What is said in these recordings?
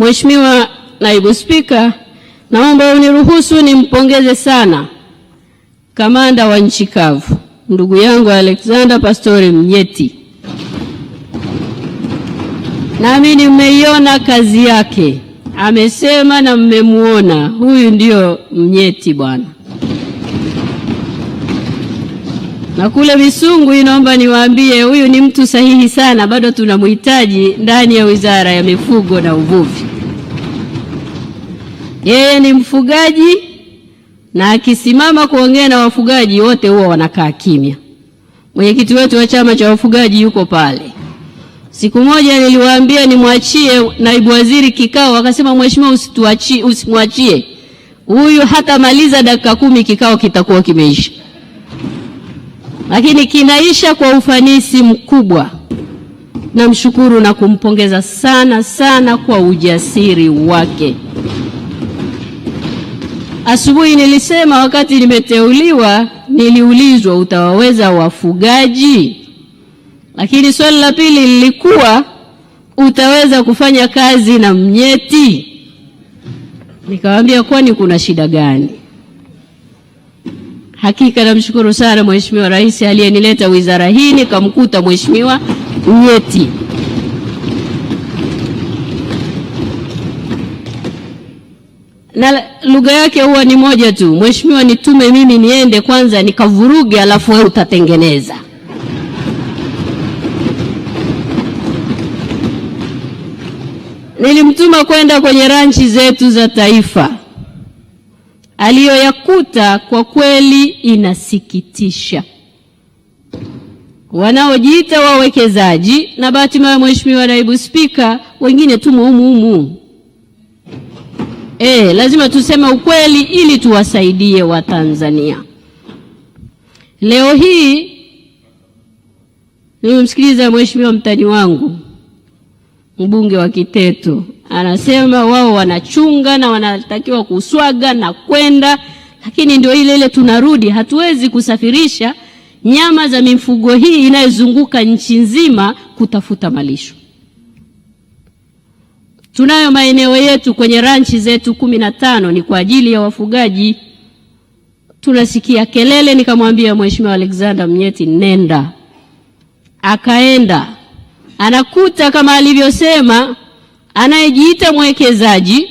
Mheshimiwa Naibu Spika, naomba uniruhusu nimpongeze sana kamanda wa nchi kavu ndugu yangu Alexander Pastori Mnyeti. Naamini mmeiona kazi yake, amesema na mmemwona. Huyu ndio Mnyeti bwana. Na kule Misungwi, naomba niwaambie, huyu ni mtu sahihi sana, bado tunamhitaji ndani ya Wizara ya Mifugo na Uvuvi yeye ni mfugaji na akisimama kuongea na wafugaji wote huwa wanakaa kimya. Mwenyekiti wetu wa chama cha wafugaji yuko pale. Siku moja niliwaambia nimwachie naibu waziri kikao, akasema mheshimiwa, usituachie, usimwachie huyu, hata maliza dakika kumi kikao kitakuwa kimeisha. Lakini kinaisha kwa ufanisi mkubwa. Namshukuru na kumpongeza sana sana kwa ujasiri wake. Asubuhi nilisema wakati nimeteuliwa, niliulizwa utawaweza wafugaji, lakini swali la pili lilikuwa utaweza kufanya kazi na mnyeti? Nikawaambia kwani kuna shida gani? Hakika namshukuru sana Mheshimiwa Rais aliyenileta wizara hii, nikamkuta Mheshimiwa Nyeti. na lugha yake huwa ni moja tu, mheshimiwa, nitume mimi niende kwanza nikavuruge, alafu wewe utatengeneza. Nilimtuma kwenda kwenye ranchi zetu za taifa, aliyoyakuta kwa kweli inasikitisha. Wanaojiita wawekezaji, na bahati mbaya, mheshimiwa naibu spika, wengine tumo humu humu Eh, lazima tuseme ukweli ili tuwasaidie Watanzania. Leo hii nimemsikiliza mheshimiwa mtani wangu mbunge wa Kiteto anasema wao wanachunga na wanatakiwa kuswaga na kwenda, lakini ndio ile ile tunarudi, hatuwezi kusafirisha nyama za mifugo hii inayozunguka nchi nzima kutafuta malisho. Tunayo maeneo yetu kwenye ranchi zetu kumi na tano ni kwa ajili ya wafugaji. Tunasikia kelele, nikamwambia Mheshimiwa Alexander Mnyeti, nenda. Akaenda anakuta kama alivyosema, anayejiita mwekezaji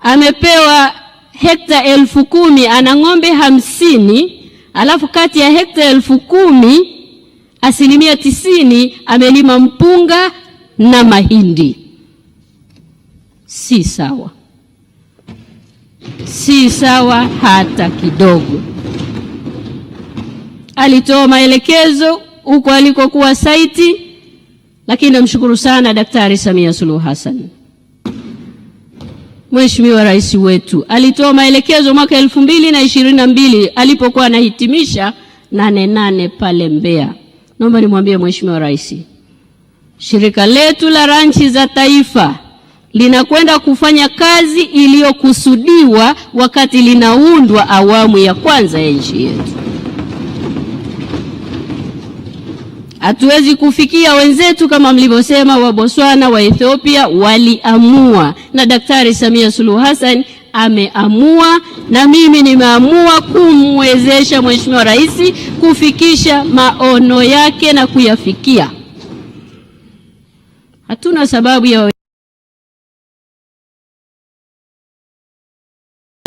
amepewa hekta elfu kumi ana ng'ombe hamsini alafu kati ya hekta elfu kumi asilimia tisini amelima mpunga na mahindi si sawa, si sawa hata kidogo. Alitoa maelekezo huko alikokuwa saiti, lakini namshukuru sana Daktari Samia Suluhu Hassan, Mheshimiwa Rais wetu alitoa maelekezo mwaka elfu mbili na ishirini na mbili alipokuwa anahitimisha nane nane pale Mbeya. Naomba nimwambie Mheshimiwa Rais, shirika letu la ranchi za taifa linakwenda kufanya kazi iliyokusudiwa wakati linaundwa awamu ya kwanza ya nchi yetu. Hatuwezi kufikia wenzetu kama mlivyosema, wa Botswana, wa Ethiopia waliamua, na Daktari Samia Suluhu Hassan ameamua na mimi nimeamua kumwezesha Mheshimiwa Rais kufikisha maono yake na kuyafikia. Hatuna sababu ya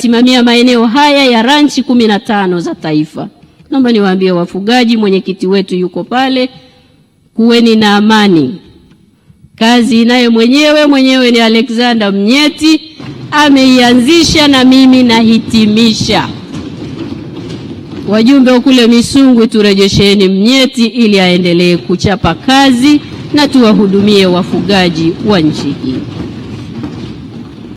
anayesimamia maeneo haya ya ranchi kumi na tano za taifa. Naomba niwaambie wafugaji, mwenyekiti wetu yuko pale, kuweni na amani. Kazi inaye mwenyewe mwenyewe ni Alexander Mnyeti, ameianzisha na mimi nahitimisha. Wajumbe wa kule Misungwi, turejesheni Mnyeti ili aendelee kuchapa kazi na tuwahudumie wafugaji wa nchi hii.